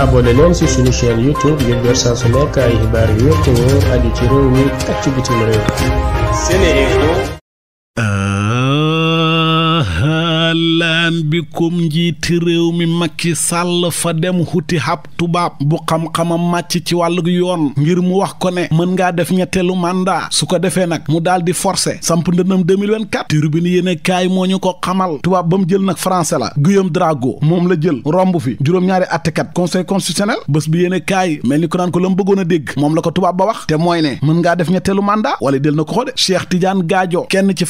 abonné leen ci suñu chaîne YouTube ngir jot saa su nekk ay xibaar yu wér te ci réew mi ak ci bitim wàllaan bi kom njiiti réew mi Macky Sall fa dem xuti hab tubaab bu xam-xamam xam màcc ci wàllu yoon ngir mu wax ko ne mën ngaa def ñetteelu mandat su ko defee nag mu daal di forcé samp ndëndam bi turbine yéene kaay moo ñu ko xamal tubaab ba mu jël nag français la Guillaume Drago moom la jël romb fi juróom-ñaari attekat conseil constitutionnel bés bi yéene kaay mel ni ko naan ko la mu bëggoon a dégg moom la ko tubaab ba wax te mooy ne mën ngaa def ñetteelu mandat wala del na ko xode Cheikh Tidiane Gadio kenn ci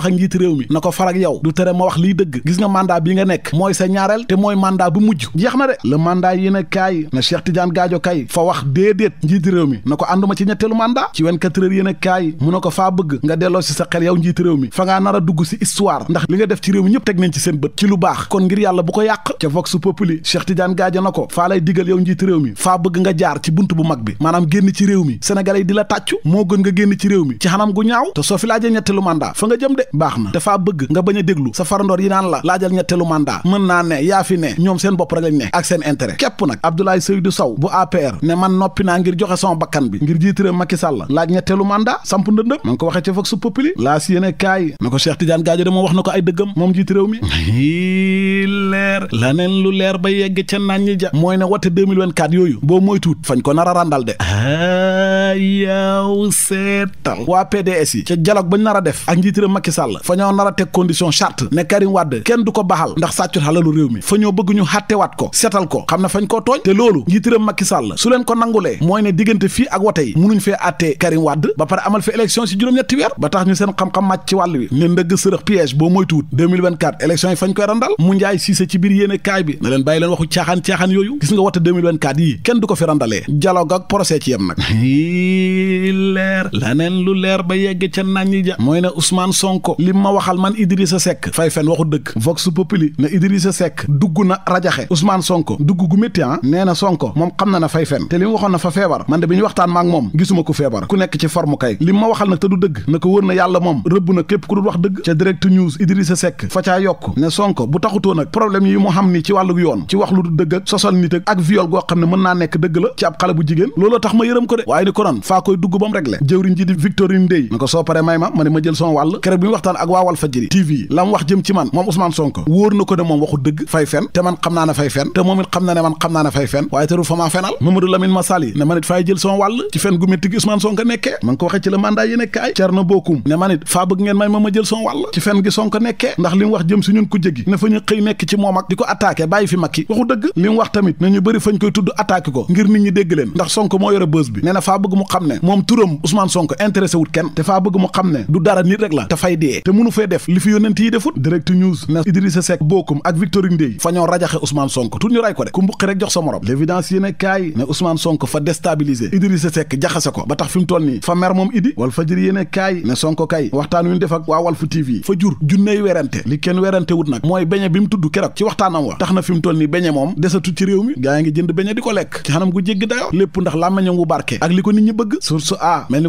wax ak njiit réew mi na ko far ak yow du tere ma wax liy dëgg gis nga mandat bi nga nekk mooy sa ñaareel te mooy mandat bu mujj jeex na de le mandat yi kaay na Cheikh Tidiane Gadio kay fa wax déedéet njiit réew mi na ko ànduma ci ñetteelu mandat ci 24 heures yi ne kaay mu na ko faa bëgg nga delloo sa xel yow njiit réew mi fa ngaa nar a dugg si histoire ndax li nga def ci réew mi ñëpp teg nañ ci seen bët ci lu baax kon ngir yàlla bu ko yàq ca vox populi Cheikh Tidiane Gadio na mi faa bëgg nga jaar ci bunt bu mag bi maanaam génn ci réew mi sénégalais yi di la tàccu moo gën nga mi ci xanam gu ñaaw te baax na dafaa bëgg nga bañ a déglu sa farandoor yi naan la laajal ñetteelu mandat mën naa ne yaa fi ne ñoom seen bopp rek lañ ne ak seen intérêt képp nag Abdoulaye Seydou Sow bu APR ne man noppi naa ngir joxe sama bakkan bi ngir jiite réew Macky Sall laaj ñetteelu mandat samp ndëndëm ma ngi ko waxee ci Vox Populi laa si yéene na ko Cheikh Tidiane Gadio de moo wax na ko ay dëggam moom jiite réew mi leer laneen lu leer ba yegg ca naan ñi ja mooy ne wote 2024 yooyu boo moytuut fañ ko a a ah, yaaw seetal ca dialogue bañ nar a def ak njiite Sall fa teg condition charte ne Karim Wade kenn du ko baxal ndax sàccul xalalu réew mi fa ñoo bëgg ñu ko setal ko xam ne fañ koo tooñ te loolu njiitëram Macky Sall su leen ko nangulee mooy ne diggante fii ak wote yi munuñ fee àttee Karim Wade ba pare amal fi élection si juróom-ñetti weer ba tax ñu seen xam-xam màcc wàll wi ne ndëgg sërëx piège boo moytuwut 2024 yi fañ koy randal mu njaay siise ci biir yéene kaay bi na leen ko li ma waxal man Idrissa Seck fay fen waxu dëgg Vox Populi ne Idrissa Seck dugg na rajaxe Ousmane Sonko dugg gu métti ah. nee na Sonko moom xam na na fay fen te li mu waxoon na fa feebar man de bi ñu waxtaan maak moom gisuma ko feebar ku nekk ci forme kay li ma waxal nag te du dëgg na ko wër na yàlla moom rëbb na képp ku dul wax dëgg ca direct news Idrissa Seck fa caa yokk ne Sonko bu taxutoo nag problème yi mu xam ni ci wàllug yoon ci wax lu du dëgg ak sosal nit ak ak viol goo xam ne mën naa nekk la ma muy waxtaan ak waa Walfadjri TV la mu wax jëm ci man moom Ousmane Sonko wóor na ko ne moom waxu dëgg fay fen te man xam naa ne fay fen te moom it xam na ne man xam naa ne fay fen waaye teru fa maa fenal Mamadou Lamine Massali ne man it faay jël son wàll ci fen gu métti gi Ousmane Sonko nekkee ma ko waxee ci la mandat yi nekkaay Thierno Bocoum ne man it faa bëgg ngeen may ma ma jël son wàll ci fen gi Sonko nekkee ndax li wax jëm si ñun ku jëgi ne fa ñu xëy dee te mënu fee def li fi yónent yi defut direct news na Idrissa Seck bokkum ak Victorine Ndeye fa rajaxe Ousmane Sonko tut ñu ko de ku mbuqi rek jox sa morom l'évidence yéen kaay ne Ousmane Sonko fa déstabilisé Idrissa Seck jaxase ko ba tax fi toll nii fa mer moom idi wal fa jër yéen kaay ne Sonko kay waxtaan wi ñu def ak waa Walf TV fa jur junney werante li kenn werante wut nag mooy beñe bi mu tudd keroog ci waxtaanam wa tax na fi toll a mel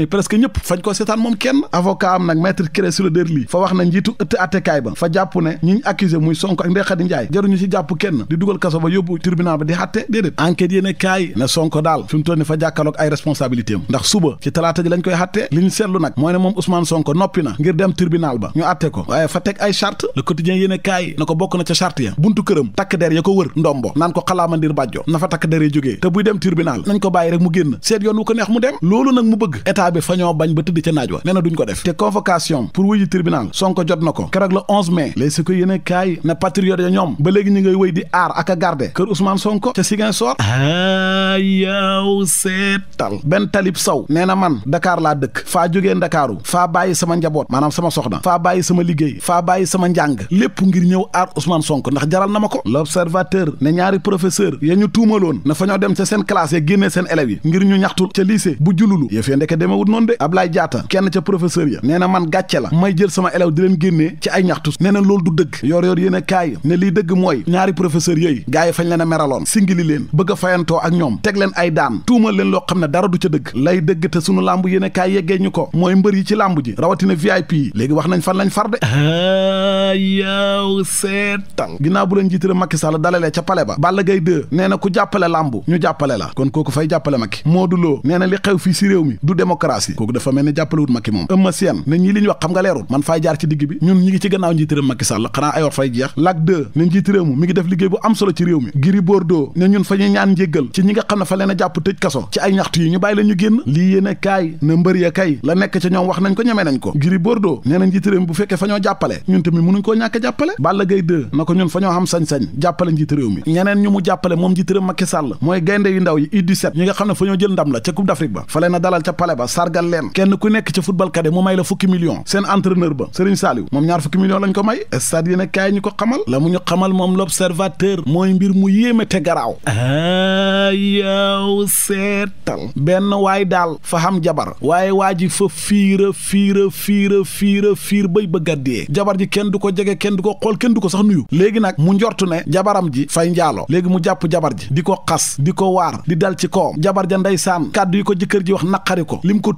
ni ku fañ ko seetaan moom kenn avocat am nag maître cré sur le der lii fa wax na njiitu ëtt attekaay ba fa jàpp ne ñi accusé muy Sonko ak Ndeye Khady Ndiaye jaruñu ci jàpp kenn di dugal kaso ba yóbbu tribunal ba di xatte déedéet enquête yéene kaay ne Sonko daal fi mu toll fa jàkkaloog ay responsabilité ndax suba ci talaata ji lañ koy xatte li ñu seetlu nag mooy ne moom Ousmane Sonko noppi na ngir dem tribunal ba ñu àtte ko waaye fa teg ay charte le quotidien ko bokk na ca charte ya këram takk der ya ko wër ndombo naan ko xalaama ndir bàjjo na fa takk der ya dem tribunal nañ ko bàyyi rek mu génn seet yoon wu loolu nag mu bëgg état bi fa ñoo bañ ba tëdd ca naaj wa nee na duñ ko def te convocation pour wuy ji tribunal jot na ko keroog le 11 mai les si kaay na patriote ya ñoom ba léegi ñu ngay wéy di aar ak a garde kër Ousmane Sonko ca Ziguinchor a benn talib saw nee na man Dakar laa dëkk faa jógee faa bàyyi sama njaboot maanaam sama soxna faa bàyyi sama liggéey faa bàyyi sama njàng lépp ngir ñëw aar Ousmane sonk ndax jaral na ma ko l'observateur ne ñaari professeur ya ñu tuumaloon na fa ñoo dem ca seen classe ya génnee seen élèves yi ngir ñu ñaxtu ca lycée bu jululu yëf ya ndeke demewut noonu de Abdoulaye Diatta kenn ca professeur ya nee na man gàcce la may jël sama élève di leen génnee ci ay ñaxtu nee na loolu du dëgg yor yor yéen a kaay ne leen a meraloon singili leen bëgg a leen ay daan tuumal leen loo xam ne dara du ca dëgg lay dëgg te sunu làmb yéen a kaay yeggee ko mooy mbër yi ci làmb ji rawatina VIP yi léegi wax nañ fan lañ far de ah, yaaw seetal ginnaaw bu leen njiitale Macky Sall dalalee ca pale ba Balla Gaye 2 nee na jàppale làmb ñu jàppale la kon kooku fay jàppale Macky Modou Lo nee na li xew fii si réew mi du démocratie dafa mel ni jàppalewut Macky moom ëmma seen ne ñii li ñu wax xam nga leerul man faay jaar ci digg bi ñun ñi ngi ci gannaaw njiit réew Macky Sall xanaa ay wax fay jeex lac 2 ne njiit réew ngi def liggéey bu am solo ci réew mi Gris Bordeaux ne ñun fa ñuy ñaan njéggal ci ñi nga xam ne fa leen a jàpp tëj kaso ci ay ñaxtu yi ñu bàyyi la génn lii yéen kaay na mbër ya kay la nekk ci ñoom wax nañ ko ñeme nañ ko Gris Bordeaux nee na njiit réew mi bu fekkee fa ñoo jàppale ñun tamit mënuñ koo ñàkk jàppale Balla Gaye 2 na ko ñun kenn ku nekk ca football kade mu may la fukki million seen entraîneur ba Serigne Saliou moom ñaar fukki million lañ ko may stade yéen ñu ko xamal la mu ñu xamal moom l'observateur mooy mbir mu yéeme te garaaw a yow seetal benn waay daal fa xam jabar waaye waa ji fa fiira fiira fiira fiira fiir bay bëgg a dee jabar ji kenn du ko jege kenn du ko xool kenn du ko sax nuyu léegi nag mu njortu ne jabaram ji fay njaaloo léegi mu jàpp jabar ji di ko xas di ko waar di dal ci kawam jabar ja ndeysaan kàddu yi ko jëkkër ji wax naqari ko lim ko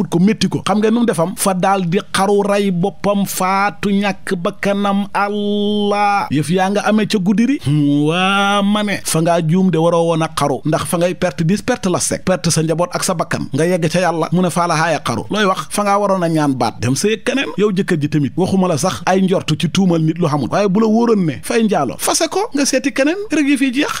fut ko métti ko xam nga nu mu defam fa daal di xaru ray boppam faatu ñakk bakkanam allah yëf yaa nga amee ca guddiri hmm, waa ma ne fa ngaa juum de waroo woon a xaru ndax fa ngay perte dis perte la sec perte sa njaboot ak sa bakkan nga yegg ca yàlla mu ne faa la xaru looy wax fa ngaa waroon a ñaan baat dem sa yëg keneen yow jëkkër ji tamit waxuma la sax ay njortu ci tuumal nit lu xamul waaye bu la wóoroon ne fay njaalo fase ko nga seeti keneen rek yi fi jeex